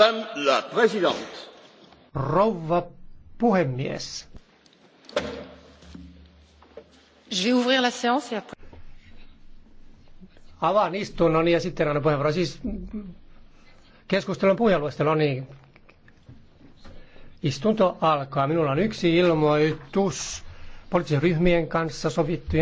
Madame la Présidente. Rouva puhemies. Je vais ouvrir la séance et après... Avaan istunnon ja sitten annan puheenvuoron. Siis keskustelun puheenluestelu, niin istunto alkaa. Minulla on yksi ilmoitus poliittisen ryhmien kanssa sovittujen